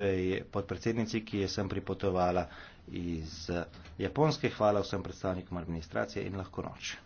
tej podpredsednici, ki je sem pripotovala iz Japonske. Hvala vsem predstavnikom administracije in lahko noč.